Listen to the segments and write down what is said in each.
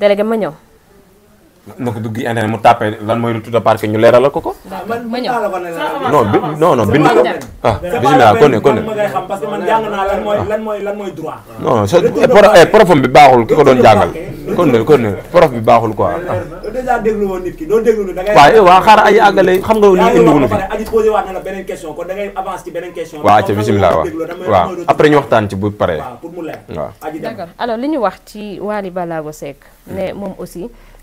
délégué ma ñëw. na ko dugg internet mu tàppee lan mooy lu tudd parking ñu leeralal ko ko. ma ñëw bind ko. ah bisimilah kon ne kon ne. parce que man jàng bi baaxul ki ko doon jàngal. kon kon prof bi baaxul quoi. dèjà déglu woon nit ki doo déglu da ngay. xam nga lii indi wuñu fi. aji posé waat na la beneen question kon da ngay avance ci beneen question. waaw après ñu waxtaan ci bu paree. waaw pour li ñu wax ci Wally Ballago Seck. ne moom aussi.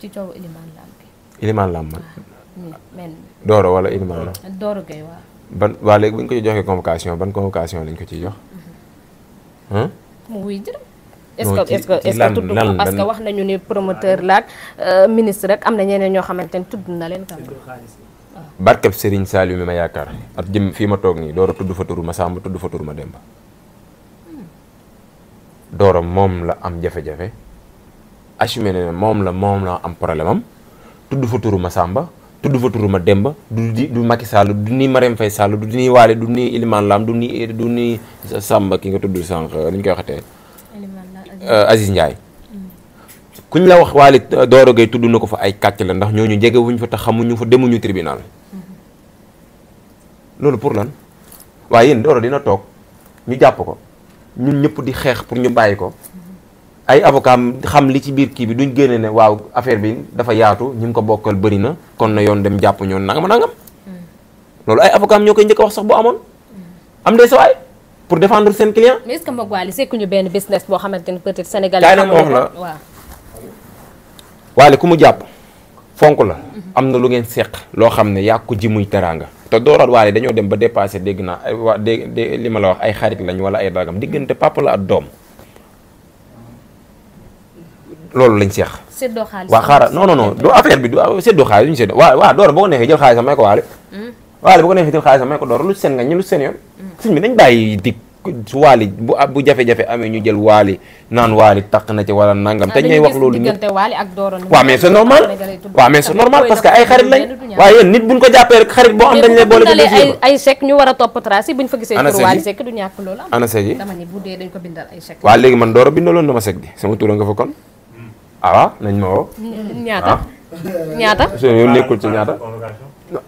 ci coowu Elimane man. Ah, men Doro wala Elimane Lam. Doro Gueye ban waa léegi bu ko ci joxee convocation ban convocation lañ ko ciy jox. Mm-hmm. Hmm? mu wuy jërëm. parce que wax nañu ni promoteur laak euh, ministre rek am na ñeneen ñoo xamante ne tudd na leen tam. Ah. barkeb Serigne Saliou mi ma yaakaar at jëm fii ma toog nii Doro tudd fa turu ma Samba tudd fa turu ma Demba. Hmm. Doro moom la am jafe-jafe. assumé ne moom la moom la am problème am tudd fa ma Samba tudd fa ma Demba du di du Macky Sall du ni Marème du ni Waly du ni Iliman du ni ki nga tudd sànq li ñu koy waxatee. Aziz Ndiaye. Euh, mm. kuñ la wax Waly euh, Doro Gueye tudd na ko fa ay kàcc la ndax ñooñu jege wuñ fa te xamuñu fa demuñu tribunal. Mm-hmm. loolu pour lan waaye yéen Doro dina toog ñu jàpp ko ñun ñëpp di xeex pour ñu bàyyi ko. Mm-hmm. ay avocat xam li ci biir kii bi duñ génne ne waaw affaire bi dafa yaatu ñu ngi ko bokkal bëri na kon na yoon dem jàpp ñoon nangam nangam. Hmm. loolu ay avocat ñoo koy njëkk a wax sax bu amoon. Hmm. am de sa waay pour défendre seen client. mais est-ce boo xamante ni peut-être sénégalais. kaay nag wax la waaw. ku mu jàpp fonk la. Hmm. am na lu ngeen seq. loo xam ne yaa ko ji muy teraanga. te dooraat Waly dañoo dem ba dépassé dégg naa ay waa dé li ma la wax ay xarit lañ wala ay dagam diggante papa la at doom. loolu lañ seex. séddoo xaalis waaw xaaral non non non du affaire bi du ah, séddoo xaalis du ñu séddoo waaw waaw boo ko neexee jël xaalisam may ko waale. Hmm? ko neexee jël xaalisam may ko door lu seen nga ñu lu seen yoon. Hmm. sëñ bi nañ bàyyi bu ah, bu jafe-jafe ñu jël waali naan waali taq na ci wala nangam. te ah, ñooy wax loolu ñu waaw mais c'est normal waaw mais c'est jàppee rek xarit boo am dañ lay boole. ay ay chèque ñu war a topp tracé buñ fa gisee. waali chèque du ñàkk loolu am. ana dama ni bu dee a bindaloon na ma chèque bi sama tur nga fa kon ah nañ ma woo. ñaata ah. ñaata. so yow nekkul ci ñaata.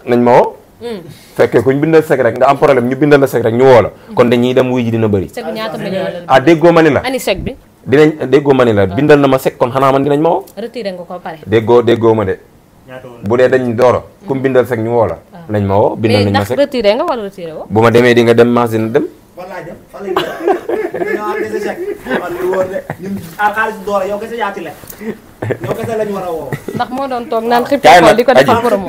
nañ ma woo. Hmm. fekkee kuñ bindal sec rek nga am problème ñu bindal la sec rek ñu woo la. kon dañuy dem wuy ji dina bari sec ñaata ah déggoo ma ni la. ani bi. dinañ déggoo ma ni la bindal na ma sec kon xanaa man dinañ ma woo. retiré nga ko pare. déggoo déggoo ma de. bu dee dañ dooro kum hmm. bindal sec ñu woo la. Ah. nañ ma woo bindal nañ ma sec nga wala bu ma demee di dem machine dem. Ah, li a woo. ndax moo doon toog naan xippi xool di ko defal promo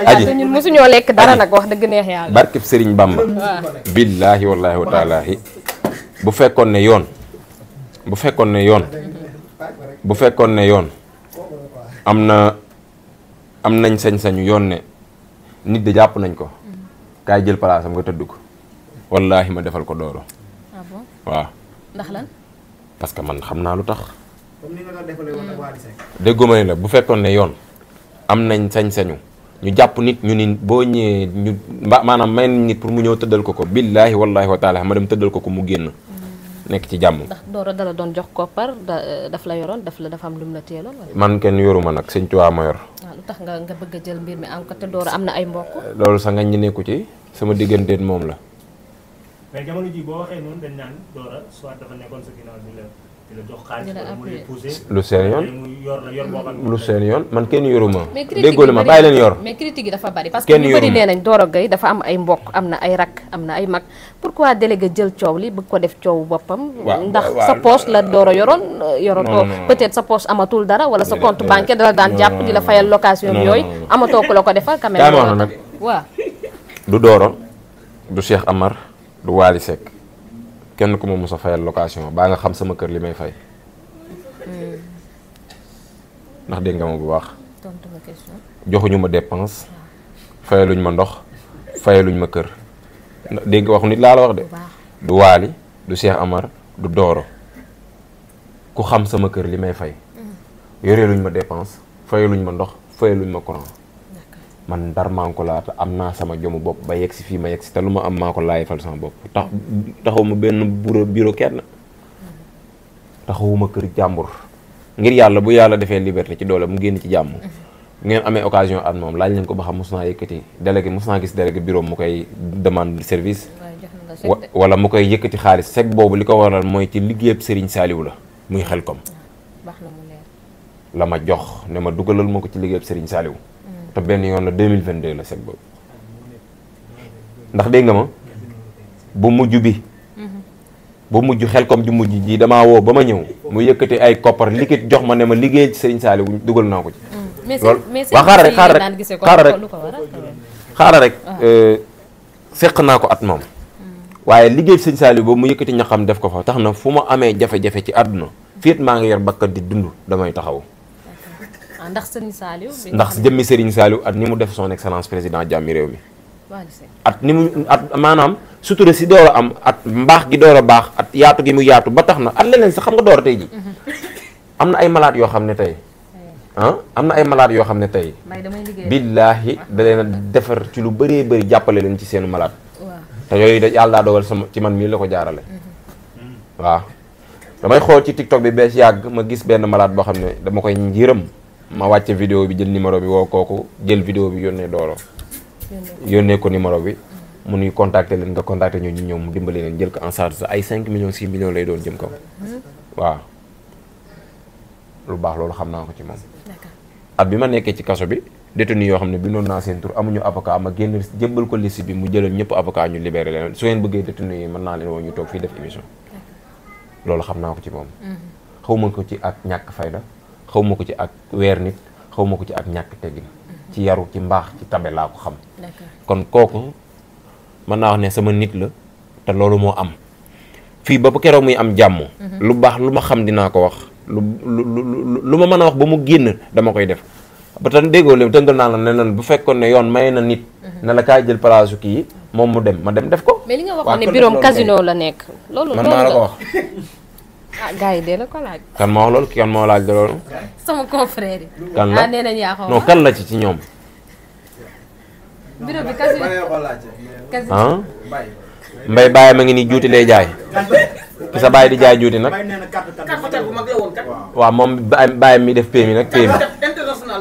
aji ñun mosuñoo lekk dara nag wax dëgg neex yàlla. barkeb Serigne Bamba. billaahi wallaahi wa bu fekkoon ne yoon. bu fekkoon ne yoon. bu fekkoon ne yoon. am na am nañ sañ-sañu yoon ne nit de jàpp nañ ko. kaay jël palaasam nga tëdd ko. wallaahi ma defal ko dooro. Ah waaw. parce que man xamna naa lu tax. comme ni nga doon defalee ak la bu fekkoon ne am nañ sañ-sañu ñu japp nit ñu ni bo ñe ñu manam may nit pour mu ñew tëddal ko ko billahi wallahi wa taala ma dem tëddal ko ko mu genn nek ci jamm ndax Doro dala don jox par daf la yoron daf la dafa am lum la teeloon. man ken yoruma nak señ tuwa ma yor. waaw ah, lu tax nga nga bëgg jël mbir mi am ko te Doro amna na ay mbokk. lolu sa nga ñu nekku ci sama digënde mom la. mais jamono ji boo waxee noonu dañ naan Dora lu seen yoon yor la yor boo lu seen man kenn yoruma ma bàyyi leen yor mais critique yi dafa bari parce que ñu bari nee nañ Dora Gaye dafa am ay mbokk am na ay rakk am na ay mag pour quoi délégué jël coow li bëgg ko def coow boppam ndax sa poche la Dora yoroon euh, yoroon ko peut-être sa poche amatul dara wala sa compte bancaire dala daan jàpp di la fayal location yooyu amatoo ko la ko defal quand même waaw du Dora du Cheikh Amar du Waly Seck kenn ku ma mos a fayal location baa nga xam sama kër li may fay hmm. ndax dégg ma bu baax. joxuñu ma dépense fayaluñ ma ndox fayaluñ ma kër dégg waxu nit laa la wax de. du Waly du Cheikh Amar du dooro ku xam sama kër li may fay hmm. luñ ma dépense fayaluñ ma ndox fayaluñ ma courant. man dar maa ko laa te am naa sama jomu bopp ba yegg si fii ma yegg si te lu ma am maa ko laayifal sama bopp tax taxawuma benn bureau bureau kenn taxawuma kër jàmbur ngir yàlla bu yàlla defee liberté ci doole mu génn ci jàmm ngeen amee occasion at moom laaj leen ko ba xam mos naa yëkkati délégué mos naa gis délégué bureau mu koy demande service wala mu koy yëkkati xaalis sec boobu li ko waral mooy ci liggéeyab Serigne Saliou la muy xel kom la ma jox ne ma dugalal ma ko ci liggéeyab sëriñ saaliw mm-hmm. te benn yoon la 2022 la set boobu ndax dégg nga ma bu mujj bi bu mujj xel comme ju mujj ji damaa woo ba ma ñëw mu yëkkati ay koppar liquide jox ma ne ma liggéey ci Serigne Saliou dugal naa ko ci mm. loolu waaw xaaral rek xaaral rek xaaral rek ah. euh, seq naa ko at moom mm. waaye liggéey sëñ Saliou boobu mu yëkkati ñaxam def ko fa tax na fu ma amee jafe-jafe ci àdduna fiit maa ngi yor bakkat di dund damay taxaw Ah, ndax sëriñ Saliou. ndax jëmmi sëriñ Saliou at ni mu def son excellence président jàmmi réew mi. at ni mu at maanaam sutura si door a am at mbaax gi door a baax at yaatu gi mu yaatu ba tax na at leneen sax xam nga door a tey ji mhm. am na ay malaat yoo xam ne tey. Eh. ah am na ay malade yoo xam ne tey. billaahi da leen a defar ci lu bëree bëri jàppale leen ci seenu malaat te yooyu da yàlla daa dogal sama ci man mii la ko jaarale. Mhm. waaw damay xool ci tiktok bi bees yàgg ma gis benn malaat boo xam ne dama koy njëram. ma wàcce vidéo bi jël numéro bi woo kooku jël vidéo bi yónnee dooro yónnee ko numéro bi mu nuy contacter leen nga contacter ñu ñëw mu dimbali leen jël ko en charge ay 5 millions 6 millions lay doon jëm kaw mm-hmm. waaw lu baax loolu xam naa ko ci moom at bi ma nekkee ci kaso bi détenu yoo xam ne bi noon naa seen tur amuñu avocat ma génn jébbal ko liste bi mu jëloon ñëpp avocat ñu libere leen su ngeen bëggee détenu yi mën naa leen woo ñu toog fii def loolu xam naa ko ci moom mm-hmm. xawma ko ci ak ñàkk fayda xaw ma ko ci ak weer nit xaw ma ko ci ak ñàkk teggin ci yaru ci mbaax ci tabe laa ko xam kon kooku mën naa wax ne sama nit la te loolu moo am fii ba keroog muy am jàmm mhm. lu baax lu ma xam dinaa ko wax lu lu ma mën a wax ba mu génn dama koy def ba tan déggoo leen tënkal naa la ne lan bu fekkoon ne yoon may na nit mhm. ne la kaay jël palaasu kii moom mu dem ma dem def ko mais li nga waxoon ne biroom casino la nekk loolu man la ko wax ah gars yi dee la ko laaj. kan moo wax loolu kan moo laaj loolu. sama confrère yi. kan la ah kan la ci ci ñoom. bureau bi kasi. mbay ah? bàyyi ma ngi ni juuti lay jaay. ki sa bàyyi di jaay juuti nag. waaw moom bàyyi mi def PMI nag PMI.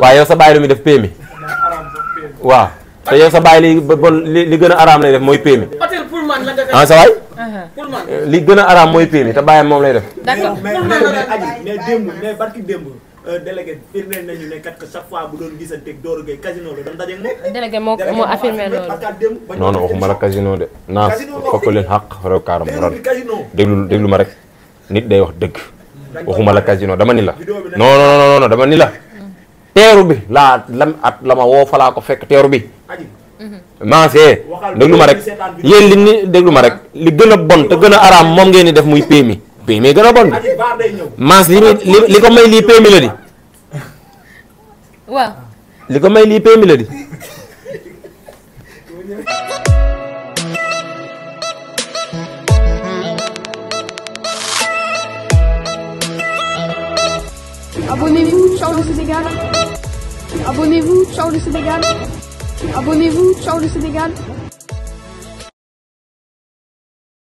waaw yow sa bàyyi lu mi def PMI. waaw te yow sa bàyyi li bon li gën a araam lay def mooy PMI. ah sa waay. li gën a araam mooy pay mi te bàyyam moom lay def. d'accord moo moo affirmé waxuma la casino de. naas fokk leen xaq rew kaaram ron déglu déglu ma rek nit day wax dëgg. waxuma la casino dama ni la. non non non dama ni la. teeru bi laa lan at la ma woo ko fekk teeru bi. Mhm. mancé déglu ma rek yéen li ni déglu ma rek li gën a bon te gën a araam moom ngeen di def muy pémi pémi gën a bon manc li li ko may lii pémi la di Abonnez-vous, ciao le Sénégal